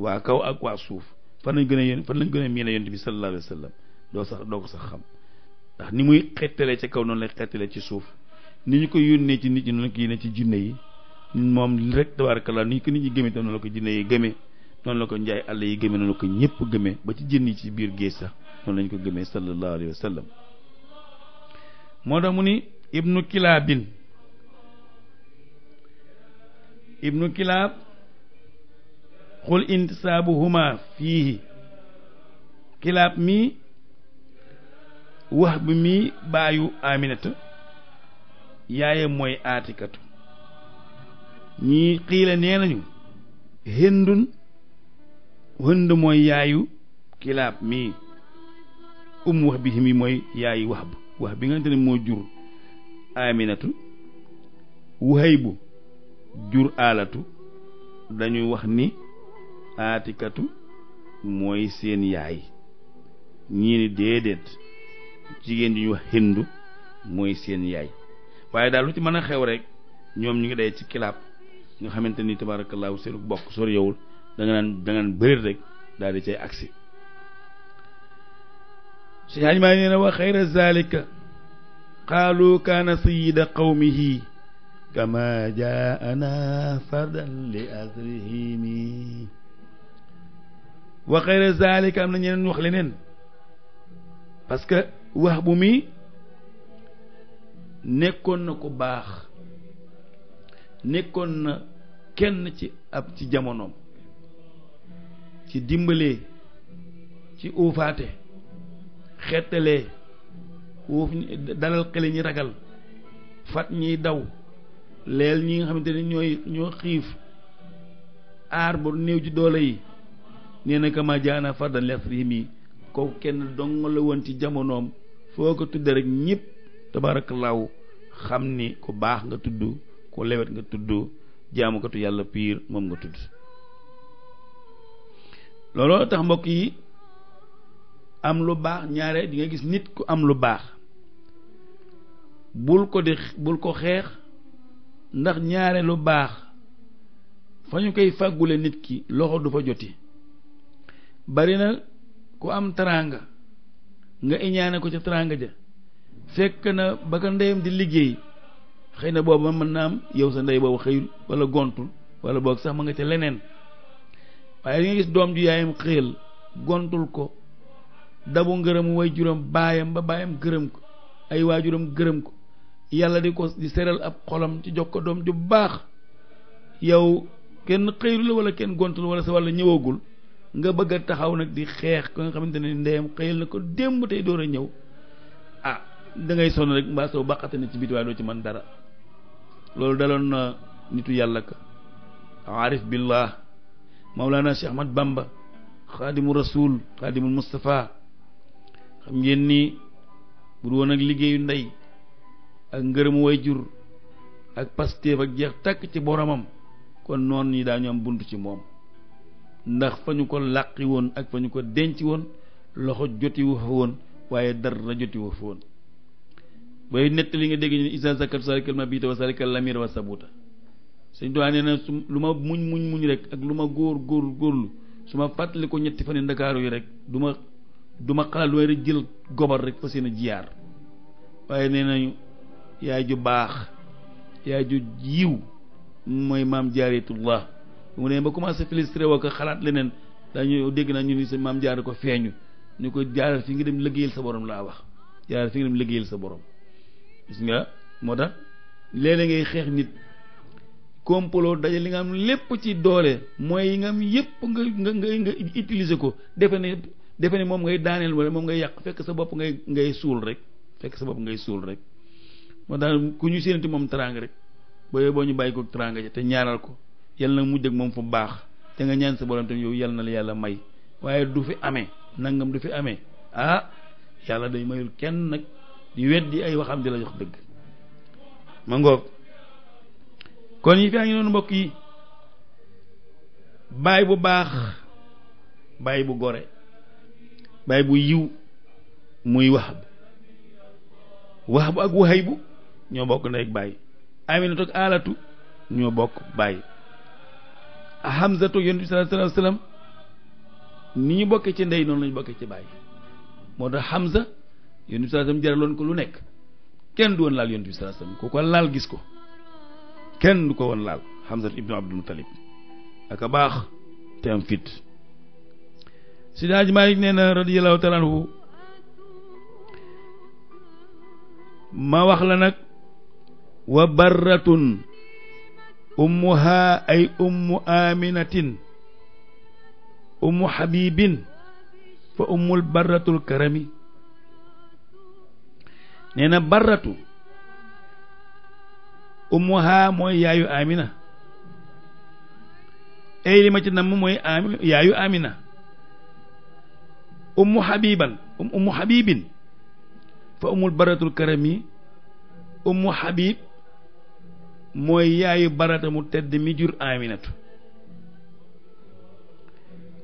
waa kaw ak waa suuf fan lañ gën a fan lañ gën a miine yonent bi sallallahu alayhi doo sax doo ko sax xam ndax ni muy xettalee ca kaw noonu lay xettalee ci suuf ni ñu ko yónnee ci nit ñi noonu ko yónnee ci jinne yi moom rek tabarakallah ni ñu ko nit ñi gëmee noonu la ko jinne yi gëmee noonu la ko njaay àll yi gëmee noonu la ko ñëpp gëmee ba ci jën yi ci biir géej sax noonu lañ ko gëmee sallallahu alayhi wa sallam moo tax mu ni ibnu kilaabin ibnu kilaab xul intisaabuhuma fiihi kilaab mi wax bi mi baayu aminata yaayam mooy aatikatu ñii xiila nee nañu hëndun hënd mooy yaayu kilaab mii um wax bi mi mooy yaayu wax bu wax bi nga xamante ne moo jur aminatu wuhaybu jur aalatu dañuy wax ni aatikatu mooy seen yaay ñii ni déedéet jigéen ju wax hindu mooy seen yaay waaye daal lu ci mën a xew rek ñoom ñu ngi day ci kilaab nga xamante ni tabaarakallaahu seenu bokk sor yowul da nga naan rek daal di cay agsi si haj maa nee na wa xayra zalika qaalu kaana sayida qawmihi kama wax leneen parce que wax mi nekkoon na ko baax nekkoon na kenn ci ab ci jamonoom ci dimbalee ci uufaate xettalee uuf dalal xele ñi ragal fat ñiy daw leel ñi nga xamante ne ñooy ñoo xiif aar bu néew ji doole yi nee na kama jaana fardan li asrihim yi kenn dong la woon ci jamonoom foo ko tudde rek ñëpp tabaarakallaahu xam ni ku baax nga tudd ku lewet nga tudd jaamukatu yàlla piir moom nga tudd looloo tax mbokk yi am lu baax ñaare di nga gis nit ku am lu baax bul ko di bul ko xeex ndax ñaare lu baax fa ñu koy fàggule nit ki loxo du fa joti bari na ku am teraanga nga iñaane ko ca teraanga ja fekk na ba ka ndeyam di liggéey xëy na booba mën naa am yow sa ndey boobu xëyul wala gontul wala boog sax ma nga te leneen waaye li nga gis doom ju yaayam xëyal gontul ko dabu ngërëm way juróom baayam ba baayam gërëm ko ay waajuram gërëm ko yàlla di ko di seral ab xolam ci jox ko doom ju baax yow kenn xëylu la wala kenn gontul wala sa wàll ñëwagul nga bëgg a taxaw nag di xeex ko nga xamante ne ndeyam xëyal na ko démb tey door a ñëw ah, da ngay sonn rek mbaa soo baqate na ci biti waaye doo ci mën dara loolu daloon na nitu yàlla ka aarif billah mawlaana Cheikh Ahmad bàmba xaadimu rasul xaadimul Mustafa xam ngeen ni bu woon ak liggéeyu ndey ak ngërëmu way jur ak pasteef ak jeex tàkk ci boromam kon noon ñi daañu am bunt ci moom ndax fa ñu ko làqi woon ak fa ñu ko denc woon loxo jotiwu fa woon waaye dara jotiwu fa woon booy li nga dégg ñu ne isa zakat sarikal ma biita wa sarikal lamir wa sabuta suñ doon nee na su lu ma muñ muñ muñ rek ak lu ma góor góor góorlu su fàttali ko ñetti fan ndakaaru yi rek du ma du ma xalaat lu may jël gobar rek fa jiyaar waaye nee nañu yaay ju baax yaay ju yiw mooy maam jaariyatullah bu mu ne ba commencé filtré woo ko xalaat leneen dégg naa ñu ni sa maam jaar ko feeñu ñu ko jaaral fi nga dem liggéeyal sa boroom laa wax jaaral fi nga dem liggéeyal sa borom gis nga moo tax léeg-léeg ngay xeex nit complot daje li nga am lépp ci doole mooy yi nga am yépp nga nga nga nga utiliser ko defe ne defe ne moom ngay daaneel wala moom ngay yàq fekk sa bopp ngay ngay suul rek fekk sa bopp ngay suul rek moo tax ku ñu séenati moom teraanga rek booyee boo ñu bàyyi ko teraanga ja te ñaaral ko yal na mu ak moom fu baax te nga ñaan sa borom tam yow yal na la yàlla may waaye du fi amee nangam du fi amee ah yàlla day kenn nag di weddi ay waxam di la jox dëgg ma ngoog kon yi fi a ngi noonu mbokk yi baay bu baax baay bu gore baay bu yiw muy Wahab Wahab ak bu ñoo bokk ndey ak baay Aminatu ak Alatu ñoo bokk baay Hamzatu yonent bi sallallahu alayhi wa sallam ni ñu bokkee ci ndey noonu lañu bokkee ci baay moo tax Hamza yon bi sallallahu alayhi jaraloon ko lu nekk kenn du woon laal yonent bi sallallahu alayhi wasallam ko laal gis ko kenn du ko woon laal Hamza ibnu Abdul Muttalib ak baax te am fit Seydi Hadji Malick nee na radiyallahu taala ma wax la nag wa barratun ummuha ay ummu aminatin ummu habibin fa ummul barratul karami nee na barratu ummuha mooy yaayu amina ay li ma ci namm mooy yaayu amina ummu habiban um-, ummu habibin fa ummul baratul karami ummu habib mooy yaayu barata mu tedd mi jur aminatu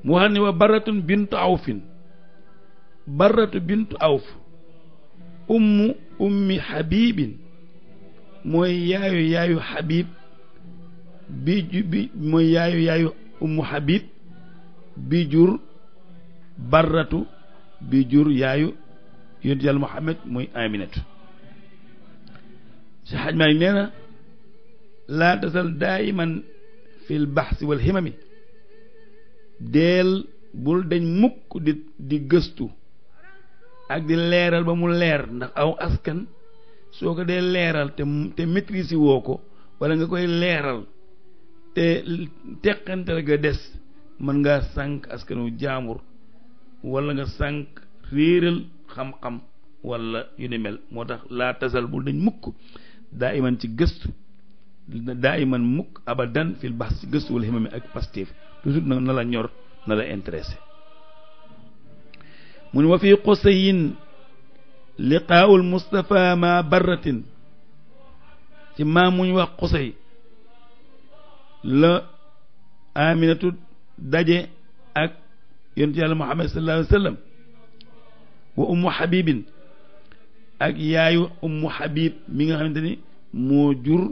mu wax ne wa baratun bintu awfin baratu bintu awf ummu ummi xabibin mooy yaayu yaayu xabib bi bi mooy yaayu yaayu ummu xabib bi jur barratu bi jur yaayu yonent yàlla Muhammad mooy aminatu si xaj maa ngi nee na laa tasal daayiman fi l baxsi wal deel bul dañ mukk di di gëstu ak di leeral ba mu leer ndax aw askan soo ko dee leeral te te maîtriser woo ko wala nga koy leeral te teqantal ga des mën ngaa sànq askanu jaamur wala nga sànq réeral xam-xam wala yu ne mel moo tax laa tasal bul dañ mukk daa iman ci gëstu daa iman mukk abadan fil bax si gëstu wala ximami ak pastif toujours na la ñor na la intéressé mu ne wa fi qusayin liqaa'ul Mustafa ma barratin ci maa muñ wax qusay la aminatu daje ak yonentu yàlla Muhammad sallallahu alayhi wa sallam wa ummu Habibin ak yaayu ummu Habib mi nga xamante ni moo jur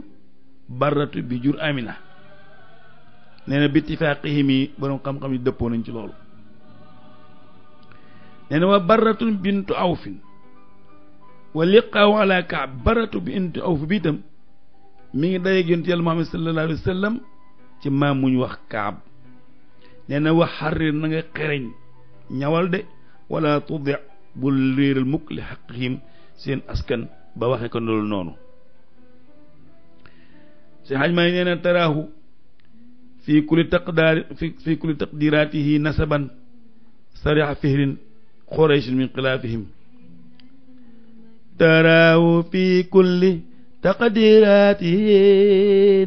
barratu bi jur Amina nee na bi ittifaaqihimi boroom xam-xam yi dëppoo nañ ci loolu nee na wa baratu bintu awfin wa liqaahu ala kaab baratu bintu awf bi itam mi ngi dayeeg yonent yàlla Muhammad sallallahu alayhi ci maam muñ wax kaab nee wax xarir na nga xereñ ñawal de wala tudic bul réeral mukk li xaqihim seen askan ba waxe ko loolu noonu si xaj maa nee na taraahu fi kulli taqdaari fi kulli taqdiraatihi nasaban sariha fihrin qurayshin min xilaafihim taraawu fi kulli taqdiraatihi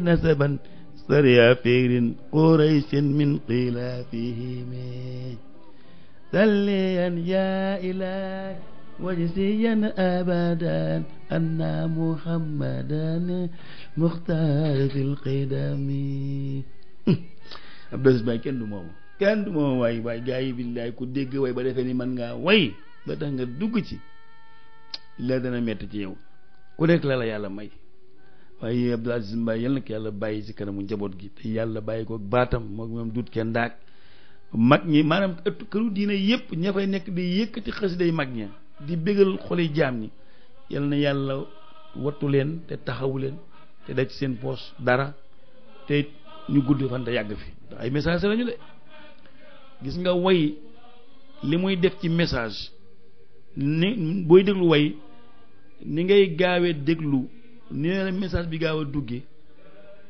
nasaban sariya firin qurayshin min xilaafihim salliyan yaa ilaahi wajsiyan abadan anna muhammadan muxtaar fil qidami *laughs* abdas bay kenn du moomu kenn du ma waay waay gaa yi billaay ku dégg way ba defee ni man ngaa way ba tax nga dugg ci la dana metti ci yow ku nekk la la yàlla may waaye Abdou Aziz Mbaye na ko yàlla bàyyi si kanamu njaboot gi te yàlla bàyyi kook baatam moom moom duut kenn daag mag ñi maanaam ëttu këru diine yëpp ña fay nekk di yëkkati xës day mag ña di bégal xoli jaam ñi yal na yàlla wattu leen te taxawu leen te daj seen poos dara te ñu gudd fan yàgg fi ay message lañu gis nga woy li muy def ci message ni booy déglu way ni ngay gaawee déglu ni la message bi gaaw a duggee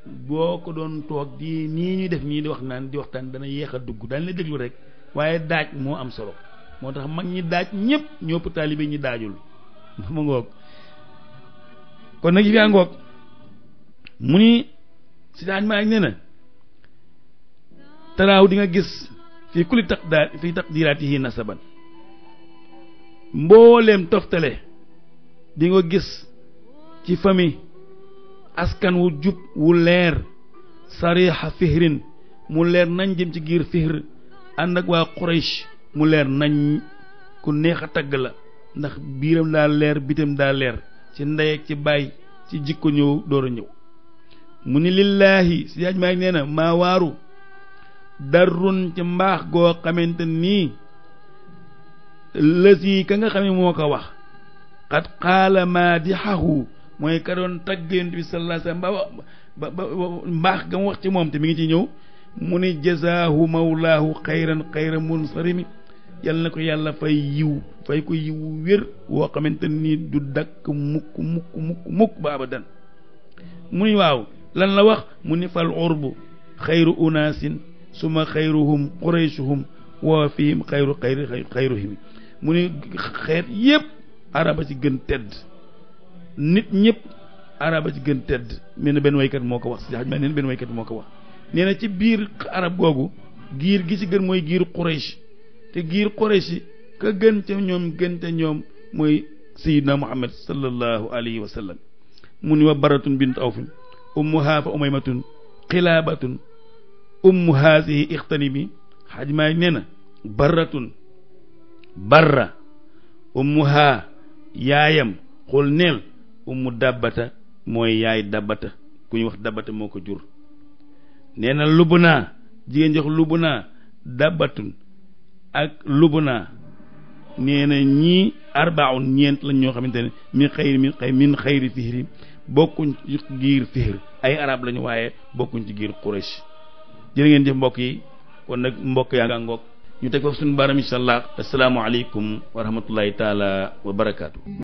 boo ko doon toog di nii ñuy def nii di wax naan di waxtaan dana yéex a dugg daan la déglu rek waaye daaj moo am solo moo tax mag ñi daaj ñépp ñoo ëpp taalibe ñi daajul *laughs* mu ngoog kon nag yi fi ngoog mu ni si daaj ma ak nee taraaw di gis fii kulli taq daa fii taqdiraatihi nasaban mbooleem toftale di gis ci famille askan wu jub wu leer sariixa fihrin mu leer nañ jëm ci giir fihr ànd ak waa Quraysh mu leer nañ ku neex a tagg la ndax biiram daa leer bitam daa leer ci ndey ci baay ci jikko ñëw door a ñëw mu ni lillaahi si yaaj maa ngi nee na maa darrun ci mbaax goo xamante nii lës ka nga xam ne moo ko wax xat xaala maa di xaxu mooy ka doon tagg mbaax ga mu wax ci moom te mi ngi ci ñëw mu ni jazaahu mawlaahu xayran xayra munsarimi yal na ko yàlla fay yiw fay ko yiw wér woo xamante nii du dakk mukk mukk mukk mukk ba abadan mu ni waaw lan la wax mu ni fal urbu xayru unaasin suma xayruhum quraysuhum wa fihim xayru xayri xayruhim mu ne xeet yépp araba ci gën tedd nit ñëpp araba ci gën tedd mel na benn waykat moo ko wax si xaj ma neen benn waykat moo ko wax nee na ci biir arab googu giir gi ci gën mooy giir quraysh te giir quraysh yi ka gën ca ñoom gën ca ñoom mooy sayyidna muhammad sallallahu alayhi wa sallam mu ni wa baratun bint awfin ummuhaa fa umaymatun xilaabatun umm haadihi ixtanimi xaaj maay nee na barratun barra ummuhaa yaayam xul neel ummu dabbata mooy yaay dabbata ku ñu wax dabbata moo ko jur nee na lubunaa jigéen jox lubunaa dabbatun ak lubunaa nee na ñii arbaaun ñeent lañ ñoo xamante ne min xayri min xay min xayri fihri ci giir fihr ay arab lañu waaye bokkuñ ci giir quraish jërë ngeen jëf mbokk yi kon nag mbokk yaa nga ngoog ñu teg foofu suñu baaram incha allah asalaamaaleykum wa rahmatullahi taala wa barakaatu.